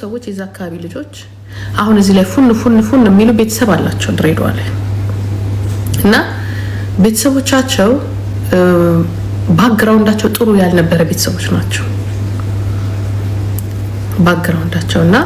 ሰዎች የዛ አካባቢ ልጆች አሁን እዚህ ላይ ፉን ፉን ፉን የሚሉ ቤተሰብ አላቸው ድሬዳዋ ላይ እና ቤተሰቦቻቸው ባክግራውንዳቸው ጥሩ ያልነበረ ቤተሰቦች ናቸው። ባክግራውንዳቸው እና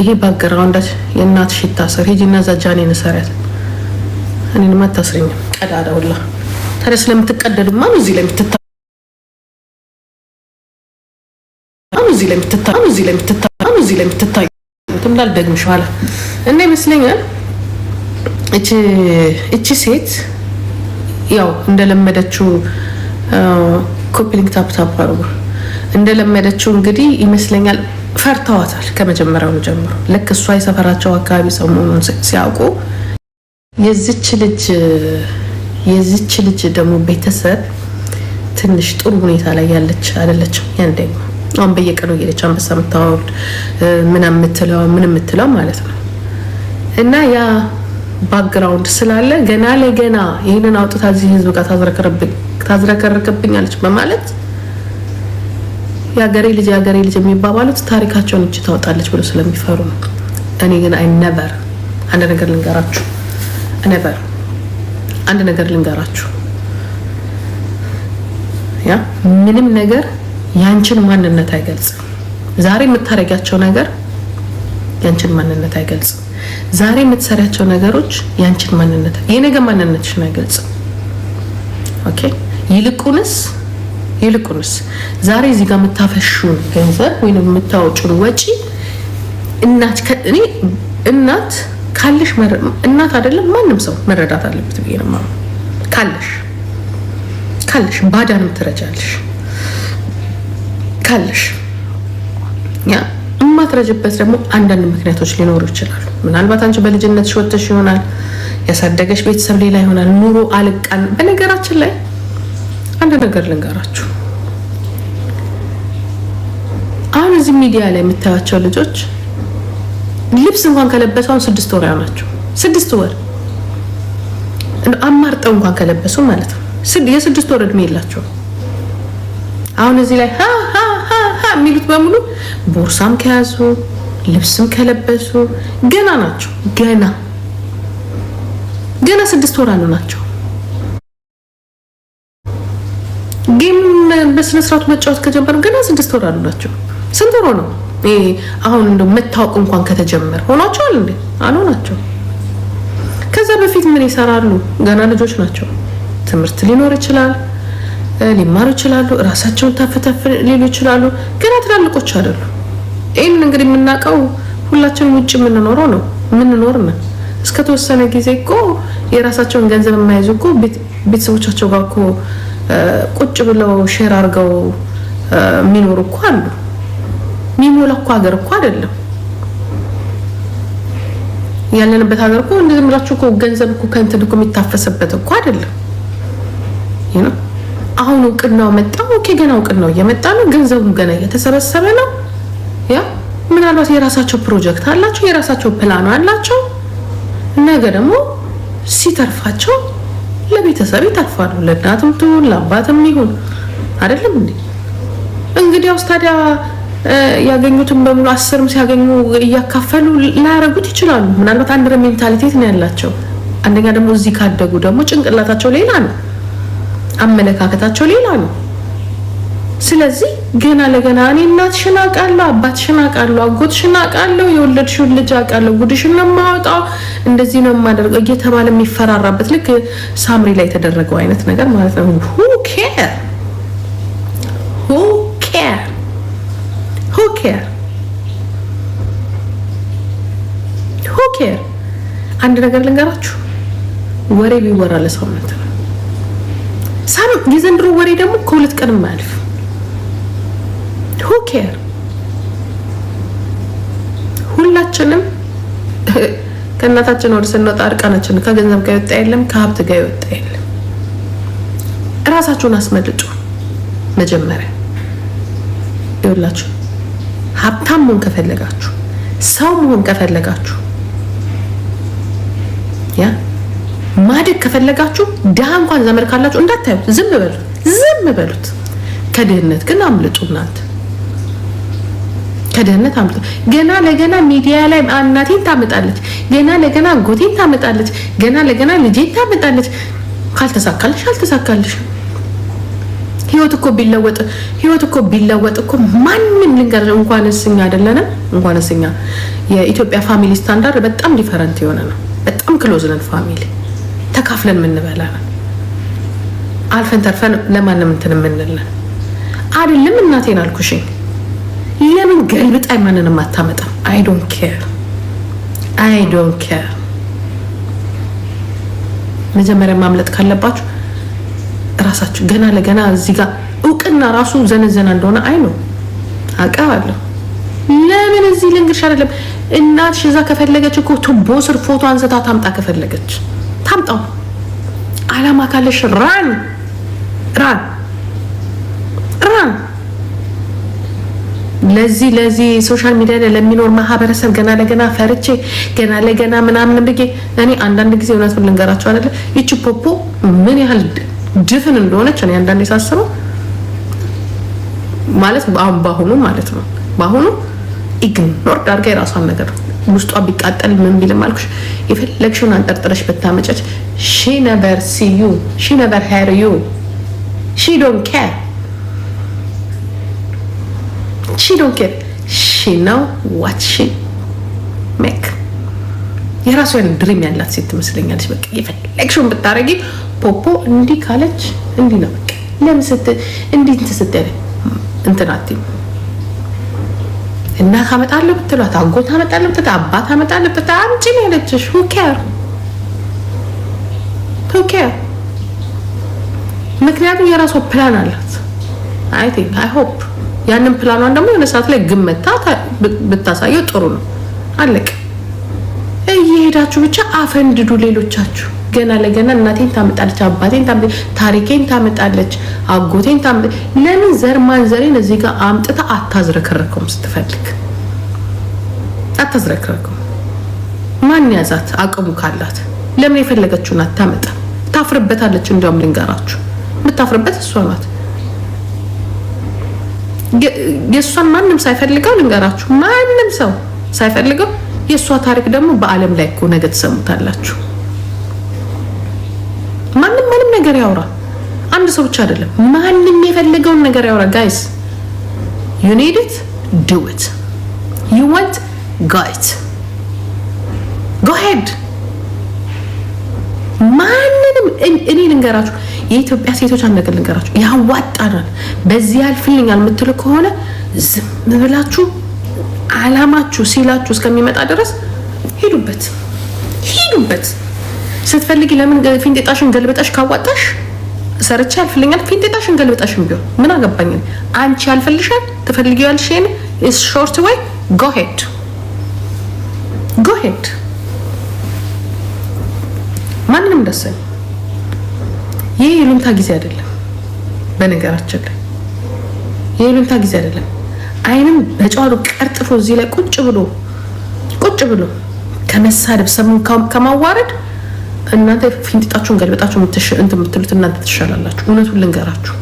ይሄ ባክግራውንዳቸው የእናት ሽታ ስር ሂጂ እና እዛ ጃኔ ነሰሪያት እኔንማ አታስረኝም ቀዳዳ ሁላ ታዲያ ስለምትቀደዱማ እዚህ ላይ የምትታ እዚህ ላይ አሁን እዚህ ላይ አሁን እዚህ ላይ የምትታዩ እንዳልደግምሽ ኋላ እና ይመስለኛል እቺ እቺ ሴት ያው እንደለመደችው ኮፒሊንግ ታፕ ታፕ አርጉ እንደለመደችው እንግዲህ ይመስለኛል ፈርተዋታል። ከመጀመሪያውኑ ጀምሮ ልክ እሷ የሰፈራቸው አካባቢ ሰው መሆኑን ሲያውቁ የዚች ልጅ የዚች ልጅ ደግሞ ቤተሰብ ትንሽ ጥሩ ሁኔታ ላይ ያለች አይደለችም። ያን ደግሞ አሁን በየቀኑ እየሄደች አንበሳ የምታወርድ ምን የምትለው ምን የምትለው ማለት ነው። እና ያ ባክግራውንድ ስላለ ገና ለገና ይህንን አውጥታ እዚህ ህዝብ ጋር ታዝረከረከብኛለች በማለት የሀገሬ ልጅ የሀገሬ ልጅ የሚባባሉት ታሪካቸውን እጅ ታወጣለች ብሎ ስለሚፈሩ ነው። እኔ ግን አይ ነቨር አንድ ነገር ልንገራችሁ፣ ነቨር አንድ ነገር ልንገራችሁ ያ ምንም ነገር ያንችን ማንነት አይገልጽም። ዛሬ የምታረጊያቸው ነገር ያንችን ማንነት አይገልጽም። ዛሬ የምትሰሪያቸው ነገሮች ያንችን ማንነት የነገ ማንነትሽን አይገልጽም። ኦኬ ይልቁንስ ይልቁንስ ዛሬ እዚህ ጋር የምታፈሹን ገንዘብ ወይም የምታወጩን ወጪ እናት እኔ እናት ካለሽ እናት አይደለም ማንም ሰው መረዳት አለበት ብዬ ነው ካለሽ ካለሽ ባዳንም ትረጃለሽ ካለሽ እማትረጅበት ደግሞ አንዳንድ ምክንያቶች ሊኖሩ ይችላሉ። ምናልባት አንቺ በልጅነትሽ ወጥተሽ ይሆናል። ያሳደገሽ ቤተሰብ ሌላ ይሆናል። ኑሮ አልቃን። በነገራችን ላይ አንድ ነገር ልንገራችሁ። አሁን እዚህ ሚዲያ ላይ የምታያቸው ልጆች ልብስ እንኳን ከለበሱ አሁን ስድስት ወር ያሆናቸው ስድስት ወር አማርጠው እንኳን ከለበሱ ማለት ነው። የስድስት ወር እድሜ የላቸው። አሁን እዚህ ላይ የሚሉት በሙሉ ቦርሳም ከያዙ ልብስም ከለበሱ ገና ናቸው። ገና ገና ስድስት ወር አሉ ናቸው። ጌምም በስነስርዓቱ መጫወት ከጀመሩ ገና ስድስት ወር አሉ ናቸው። ስንት ወር ነው? አሁን እንደው መታወቅ እንኳን ከተጀመረ ሆኗቸዋል እንዴ? አልሆናቸው። ከዛ በፊት ምን ይሰራሉ? ገና ልጆች ናቸው። ትምህርት ሊኖር ይችላል። ሊማሩ ይችላሉ። እራሳቸውን ታፍታፍ ሊሉ ይችላሉ። ገና ትላልቆች አይደሉ። ይህንን እንግዲህ የምናውቀው ሁላችንም ውጭ የምንኖረው ነው የምንኖር ነን። እስከ ተወሰነ ጊዜ እኮ የራሳቸውን ገንዘብ የማይዙ እኮ ቤተሰቦቻቸው ጋር እኮ ቁጭ ብለው ሼር አድርገው የሚኖሩ እኮ አሉ። የሚሞላ እኮ ሀገር እኮ አይደለም ያለንበት ሀገር እኮ እንደዚህ ምላችሁ እኮ ገንዘብ እኮ ከእንትን እኮ የሚታፈስበት እኮ አይደለም። አሁን እውቅናው መጣ። ኦኬ ገና እውቅናው እየመጣ ነው። ገንዘቡም ገና እየተሰበሰበ ነው። ያ ምናልባት የራሳቸው ፕሮጀክት አላቸው፣ የራሳቸው ፕላኑ አላቸው። ነገ ደግሞ ሲተርፋቸው ለቤተሰብ ይተርፋሉ። ለእናትም ትሁን ለአባትም ይሁን አይደለም እንዴ? እንግዲያውስ ታዲያ ያገኙትን በሙሉ አስርም ሲያገኙ እያካፈሉ ላያረጉት ይችላሉ። ምናልባት አንድ ሜንታሊቴት ነው ያላቸው። አንደኛ ደግሞ እዚህ ካደጉ ደግሞ ጭንቅላታቸው ሌላ ነው። አመለካከታቸው ሌላ ነው። ስለዚህ ገና ለገና እኔ እናትሽን አውቃለሁ፣ አባትሽን አውቃለሁ፣ አጎትሽን አውቃለሁ፣ የወለድሽውን ልጅ አውቃለሁ፣ ጉድሽን ነው የማወጣው፣ እንደዚህ ነው የማደርገው እየተባለ የሚፈራራበት ልክ ሳምሪ ላይ የተደረገው አይነት ነገር ማለት ነው። ሁ ሁ ሁ ሁ ኬር ኬር ኬር ኬር። አንድ ነገር ልንገራችሁ፣ ወሬ ቢወራ ለሰውነት ነው። ሳም የዘንድሮ ወሬ ደግሞ ከሁለት ቀን ማያልፍ ሁኬር ሁላችንም ከእናታችን ወደ ስንወጣ እርቃናችን ከገንዘብ ጋር ይወጣ የለም፣ ከሀብት ጋር ይወጣ የለም። እራሳችሁን አስመልጩ። መጀመሪያ ይኸውላችሁ ሀብታም መሆን ከፈለጋችሁ፣ ሰው መሆን ከፈለጋችሁ ያ ማደግ ከፈለጋችሁ ድሃ እንኳን ዘመድ ካላችሁ እንዳታዩት፣ ዝም በሉት፣ ዝም በሉት። ከድህነት ግን አምልጡ። እናንተ ከድህነት አምልጡ። ገና ለገና ሚዲያ ላይ እናቴን ታመጣለች፣ ገና ለገና ጎቴን ታመጣለች፣ ገና ለገና ልጄን ታመጣለች። ካልተሳካልሽ አልተሳካልሽ። ህይወት እኮ ቢለወጥ ህይወት እኮ ቢለወጥ እኮ ማንም ልንገር እንኳን እስኛ አይደለንም እንኳን እስኛ የኢትዮጵያ ፋሚሊ ስታንዳርድ በጣም ዲፈረንት የሆነ ነው። በጣም ክሎዝ ፋሚሊ ተካፍለን የምንበላ አልፈን ተርፈን ለማንም እንትን የምንለን አይደለም። እናቴን አልኩሽኝ ለምን ገልብጣ ማንንም አታመጣም? አይ ዶንት ኬር አይ ዶንት ኬር። መጀመሪያ ማምለጥ ካለባችሁ እራሳችሁ ገና ለገና እዚህ ጋር እውቅና ራሱ ዘነዘና እንደሆነ አይ ነው አውቃለሁ። ለምን እዚህ ልንግርሽ አይደለም እናትሽ እዛ ከፈለገች እኮ ቱቦ ስር ፎቶ አንስታ ታምጣ ከፈለገች ታምጣው። አላማ ካለሽ ራን ራን ራን። ለዚህ ለዚህ ሶሻል ሚዲያ ላይ ለሚኖር ማህበረሰብ ገና ለገና ፈርቼ ገና ለገና ምናምን ብዬ እኔ አንዳንድ ጊዜ እውነት ልንገራቸው አይደለ ይቺ ፖፖ ምን ያህል ድፍን እንደሆነች እኔ አንዳንድ የሳስበው ማለት በአሁኑ ማለት ነው በአሁኑ ኢግኖር ዳርጋ የራሷን ነገር ውስጧ ቢቃጠል ምን ቢልም አልኩሽ የፈለግሽውን አንጠርጥረሽ ብታመጨች ሺ ነበር ሲዩ ሺ ነበር ሄር ዩ ሺ ዶን ኬር ሺ ዶን ኬር ሺ ነው ዋት ሺ ሜክ የራሱ ያን ድሪም ያላት ሴት ትመስለኛለች። በቃ የፈለግሽውን ብታረጊ ፖፖ እንዲህ ካለች እንዲህ ነው በቃ ለምስት እንዲህ ስትያለ እንትናት እና ካመጣለሁ ብትሏት አጎት አመጣለሁ ብትት አባት አመጣለሁ ብትት አምጪ ነው ያለችሽ። ሁ ኬር። ምክንያቱም የራሷ ፕላን አላት። አይ ቲንክ አይ ሆፕ ያንን ፕላኗን ደግሞ የሆነ ሰዓት ላይ ግመታ ብታሳየው ጥሩ ነው። አለቅ እየሄዳችሁ ብቻ አፈንድዱ ሌሎቻችሁ ገና ለገና እናቴን ታመጣለች፣ አባቴን ታሪኬን ታመጣለች፣ አጎቴን ለምን ዘር ማንዘሬን እዚህ ጋር አምጥታ አታዝረከረከውም? ስትፈልግ አታዝረከረከውም። ማን ያዛት? አቅሙ ካላት ለምን የፈለገችውን አታመጣ? ታፍርበታለች። እንዲያውም ልንገራችሁ የምታፍርበት እሷ ናት። የእሷን ማንም ሳይፈልገው ልንገራችሁ፣ ማንም ሰው ሳይፈልገው የእሷ ታሪክ ደግሞ በዓለም ላይ እኮ ነገ ትሰሙታላችሁ። ነገር ያውራ። አንድ ሰው ብቻ አይደለም፣ ማንም የፈለገውን ነገር ያውራ። ጋይስ ዩ ኒድ ኢት ዱ ኢት ዩ ዋንት ጋይት ጎ ሄድ ማንንም እኔ ልንገራችሁ፣ የኢትዮጵያ ሴቶች አንድ ነገር ልንገራችሁ፣ ያዋጣናል፣ በዚህ ያልፍልኛል የምትል ከሆነ ዝም ብላችሁ አላማችሁ ሲላችሁ እስከሚመጣ ድረስ ሂዱበት፣ ሂዱበት። ስትፈልጊ ለምን ፊንጤጣሽን ገልብጠሽ ካዋጣሽ ሰርቼ ያልፍልኛል። ፊንጤጣሽን ገልብጠሽም ቢሆን ምን አገባኝ። አንቺ ያልፈልሻል፣ ትፈልጊ ያልሽን ኢስ ሾርት ወይ ጎ ሄድ ጎ ሄድ። ማንንም ደሰኝ። ይህ የሉምታ ጊዜ አይደለም። በነገራችን ላይ ይህ የሉምታ ጊዜ አይደለም። አይንም በጨዋሉ ቀርጥፎ እዚህ ላይ ቁጭ ብሎ ቁጭ ብሎ ከመሳደብ ሰሙን ከማዋረድ እናንተ ፊንጢጣችሁን ገልበጣችሁ እንት ምትሉት እናንተ ትሻላላችሁ። እውነቱን ልንገራችሁ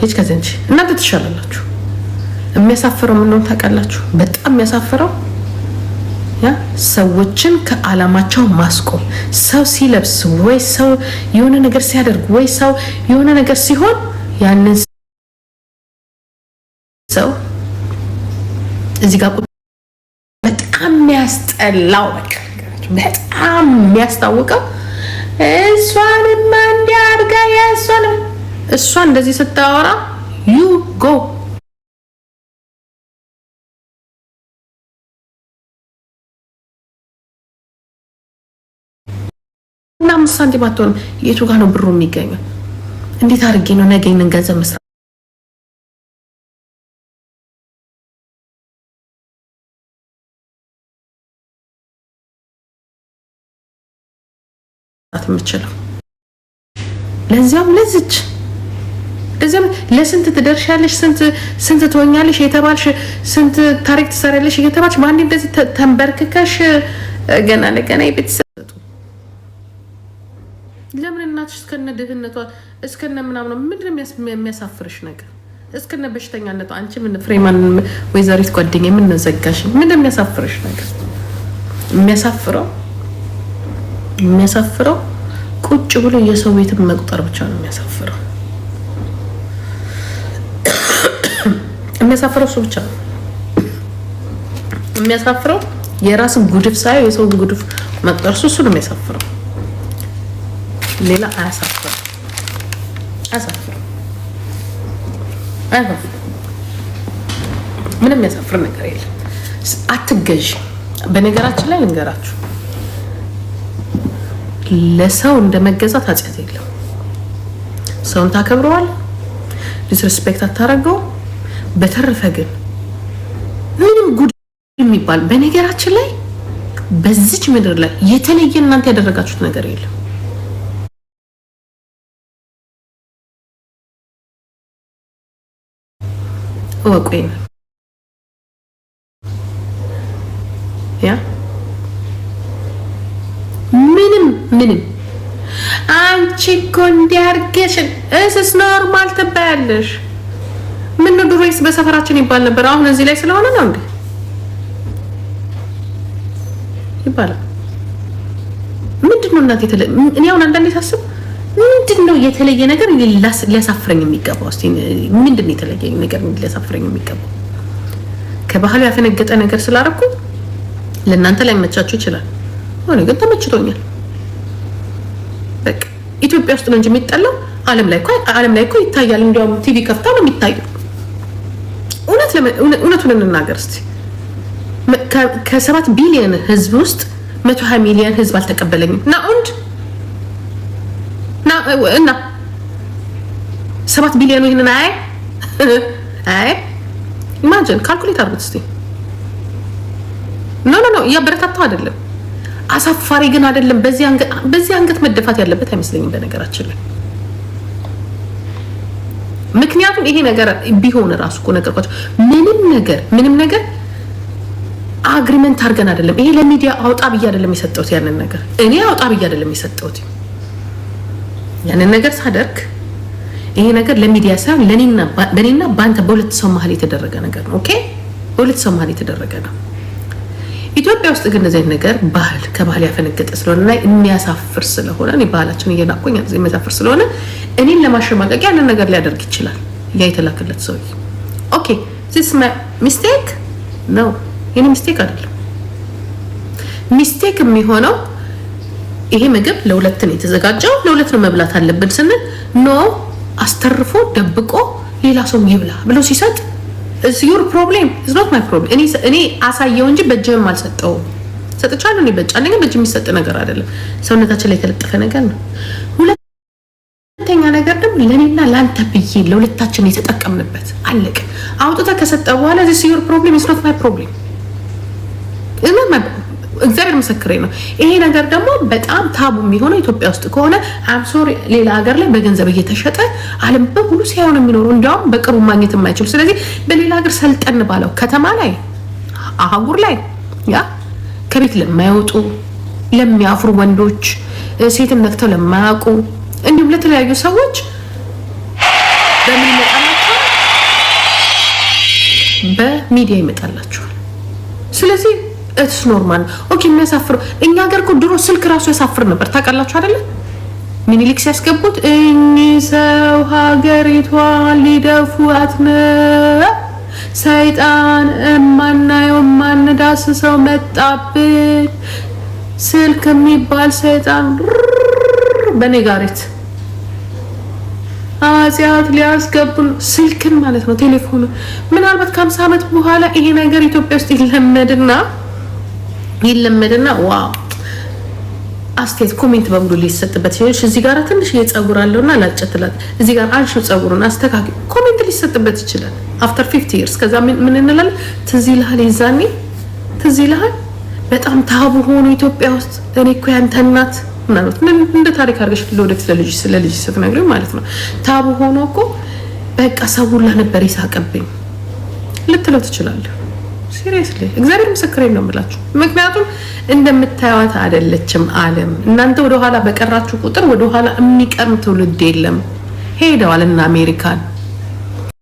ሄጅ ከዚህ እንጂ እናንተ ትሻላላችሁ። የሚያሳፍረው ምንሆን ታውቃላችሁ? በጣም የሚያሳፍረው ያ ሰዎችን ከአላማቸው ማስቆም ሰው ሲለብስ ወይ ሰው የሆነ ነገር ሲያደርግ ወይ ሰው የሆነ ነገር ሲሆን ያንን እዚህ ጋር በጣም የሚያስጠላው በጣም የሚያስታውቀው እሷንማ እንዲያርጋ ያሷን እሷ እንደዚህ ስታወራ ዩ ጎ እና አምስት ሳንቲም አትሆንም። የቱ ጋር ነው ብሩ የሚገኘው? እንዴት አድርጌ ነው ነገኝን ገንዘብ መስ የምችለው ለዚያም እዚያም ለስንት ትደርሻለሽ፣ ስንት ትሆኛለሽ የተባልሽ ስንት ታሪክ ትሰሪያለሽ የተባልሽ በአንዴ እንደዚህ ተንበርክከሽ ገና ለገና የቤተሰብ ለምን እናትሽ እስከነ ድህነቷ እስከነ ምናምነው ምንድን የሚያሳፍርሽ ነገር እስከነ በሽተኛነቷ አንቺ ምን ፍሬማን ወይዘሪት ጓደኛ የምንዘጋሽ የሚያሳፍርሽ ነገር የሚያሳፍረው የሚያሳፍረው ቁጭ ብሎ የሰው ቤትን መቁጠር ብቻ ነው የሚያሳፍረው። የሚያሳፍረው እሱ ብቻ ነው የሚያሳፍረው። የራስን ጉድፍ ሳይ የሰውን ጉድፍ መቁጠር እሱ እሱ ነው የሚያሳፍረው። ሌላ አያሳፍርም፣ አያሳፍርም፣ ምንም የሚያሳፍር ነገር የለም። አትገዥ በነገራችን ላይ ልንገራችሁ ለሰው እንደመገዛት መገዛት ኃጢአት የለም። ሰውን ታከብረዋል፣ ዲስሬስፔክት አታረገው። በተረፈ ግን ምንም ጉድ የሚባል በነገራችን ላይ በዚች ምድር ላይ የተለየ እናንተ ያደረጋችሁት ነገር የለም። እወቁ ያ ምንም አንቺ እኮ እንዲያርገሽ እስስ ኖርማል ትባያለሽ። ምን ድሮስ በሰፈራችን ይባል ነበር። አሁን እዚህ ላይ ስለሆነ ነው እንዴ ይባላል። ምንድን ነው እናት የተለ እኔ አሁን አንዳንዴ ሳስብ ምንድን ነው የተለየ ነገር ሊያሳፍረኝ የሚገባው? እስኪ ምንድን ነው የተለየ ነገር ሊያሳፍረኝ የሚገባው? ከባህሉ ያፈነገጠ ነገር ስላደረኩ ለእናንተ ላይ መቻችሁ ይችላል። ሆነ ግን ተመችቶኛል። ኢትዮጵያ ውስጥ ነው እንጂ የሚጠላው ዓለም ላይ ዓለም ላይ እኮ ይታያል። እንዲያውም ቲቪ ከፍታ ነው የሚታየው። እውነቱን እንናገር እስቲ ከሰባት ቢሊዮን ህዝብ ውስጥ መቶ ሀያ ሚሊዮን ህዝብ አልተቀበለኝም እና ና እና ሰባት ቢሊዮኑ ይህንን አይ አይ ኢማጅን ካልኩሌት አድርጉት እስቲ። ኖ ኖ ኖ እያበረታታው አይደለም አሳፋሪ ግን አይደለም። በዚህ አንገት መደፋት ያለበት አይመስለኝም በነገራችን ላይ ምክንያቱም ይሄ ነገር ቢሆን ራሱ እኮ ነገርኳቸው። ምንም ነገር ምንም ነገር አግሪመንት አድርገን አይደለም። ይሄ ለሚዲያ አውጣ ብዬ አይደለም የሰጠሁት ያንን ነገር እኔ አውጣ ብዬ አይደለም የሰጠሁት ያንን ነገር ሳደርግ ይሄ ነገር ለሚዲያ ሳይሆን ለእኔና በአንተ በሁለት ሰው መሀል የተደረገ ነገር ነው። ኦኬ፣ በሁለት ሰው መሀል የተደረገ ነው። ኢትዮጵያ ውስጥ ግን እንደዚህ ነገር ባህል ከባህል ያፈነገጠ ስለሆነ እና የሚያሳፍር ስለሆነ ባህላችን እየናቆኛ የሚያሳፍር ስለሆነ እኔን ለማሸማቀቅ ያንን ነገር ሊያደርግ ይችላል። ያ የተላከለት ሰው ኦኬ ዚስ ሚስቴክ ነው። ይህ ሚስቴክ አይደለም። ሚስቴክ የሚሆነው ይሄ ምግብ ለሁለት ነው የተዘጋጀው፣ ለሁለት ነው መብላት አለብን ስንል ኖ አስተርፎ ደብቆ ሌላ ሰው ይብላ ብሎ ሲሰጥ ዩር ፕሮብሌም ኢዝ ኖት ማይ ፕሮብሌም። እኔ እኔ አሳየው እንጂ በእጅህም አልሰጠውም። ሰጥቻለሁ እኔ በእጅ አንደኛ በእጅ የሚሰጥ ነገር አይደለም፣ ሰውነታችን ላይ የተለጠፈ ነገር ነው። ሁለተኛ ነገር ደግሞ ለእኔና ለአንተ ብዬ ለሁለታችን የተጠቀምንበት አለቀ። አውጥተህ ከሰጠ በኋላ ዚስ ዩር ፕሮብሌም ኢዝ ኖት ማይ ፕሮብሌም እግዚአብሔር ምስክሬ ነው። ይሄ ነገር ደግሞ በጣም ታቡ የሚሆነው ኢትዮጵያ ውስጥ ከሆነ አምሶሪ ሌላ ሀገር ላይ በገንዘብ እየተሸጠ ዓለም በሙሉ ሲሆን የሚኖረው እንዲያውም በቅርቡ ማግኘት የማይችሉ ስለዚህ በሌላ ሀገር ሰልጠን ባለው ከተማ ላይ አህጉር ላይ ያ ከቤት ለማይወጡ ለሚያፍሩ ወንዶች ሴትን ነክተው ለማያውቁ እንዲሁም ለተለያዩ ሰዎች በምን ይመጣላቸዋል? በሚዲያ ይመጣላቸዋል። ስለዚህ ኢትስ ኖርማል ኦኬ። የሚያሳፍረው እኛ ሀገር እኮ ድሮ ስልክ ራሱ ያሳፍር ነበር። ታውቃላችሁ አይደለ? ሚኒሊክ ሲያስገቡት እኚህ ሰው ሀገሪቷን ሊደፉአት ነው፣ ሰይጣን እማናየው ሰው መጣብን፣ ስልክ የሚባል ሰይጣን በኔጋሪት አጽያት ሊያስገቡን ስልክን ማለት ነው ቴሌፎኑ። ምናልባት ከሀምሳ ዓመት በኋላ ይሄ ነገር ኢትዮጵያ ውስጥ ይለመድና ይለመድና ዋ አስቴት ኮሜንት በሙሉ ሊሰጥበት ይችላል። እዚህ ጋር ትንሽ የፀጉር አለውና ላጨትላት፣ እዚህ ጋር አንሹ ፀጉሩን አስተካክ ኮሜንት ሊሰጥበት ይችላል። አፍተር 50 ይርስ ከዛ ምን እንላለን? ትዝ ይልሃል? ይዛኔ ትዝ ይልሃል? በጣም ታቡ ሆኖ ኢትዮጵያ ውስጥ እኔ እኮ ያንተ እናት ምናልባት እንደ ታሪክ አድርገሽ ለወደፊት ለልጅ ስለ ልጅ ስትነግሪው ማለት ነው። ታቡ ሆኖ እኮ በቃ ሰው ሁላ ነበር ይሳቅብኝ ልትለው ትችላለህ። ሲሪየስሊ እግዚአብሔር ምስክሬ ነው የምላችሁ። ምክንያቱም እንደምታዩት አይደለችም ዓለም። እናንተ ወደኋላ በቀራችሁ ቁጥር ወደኋላ የሚቀርም ትውልድ የለም። ሄደዋል እና አሜሪካን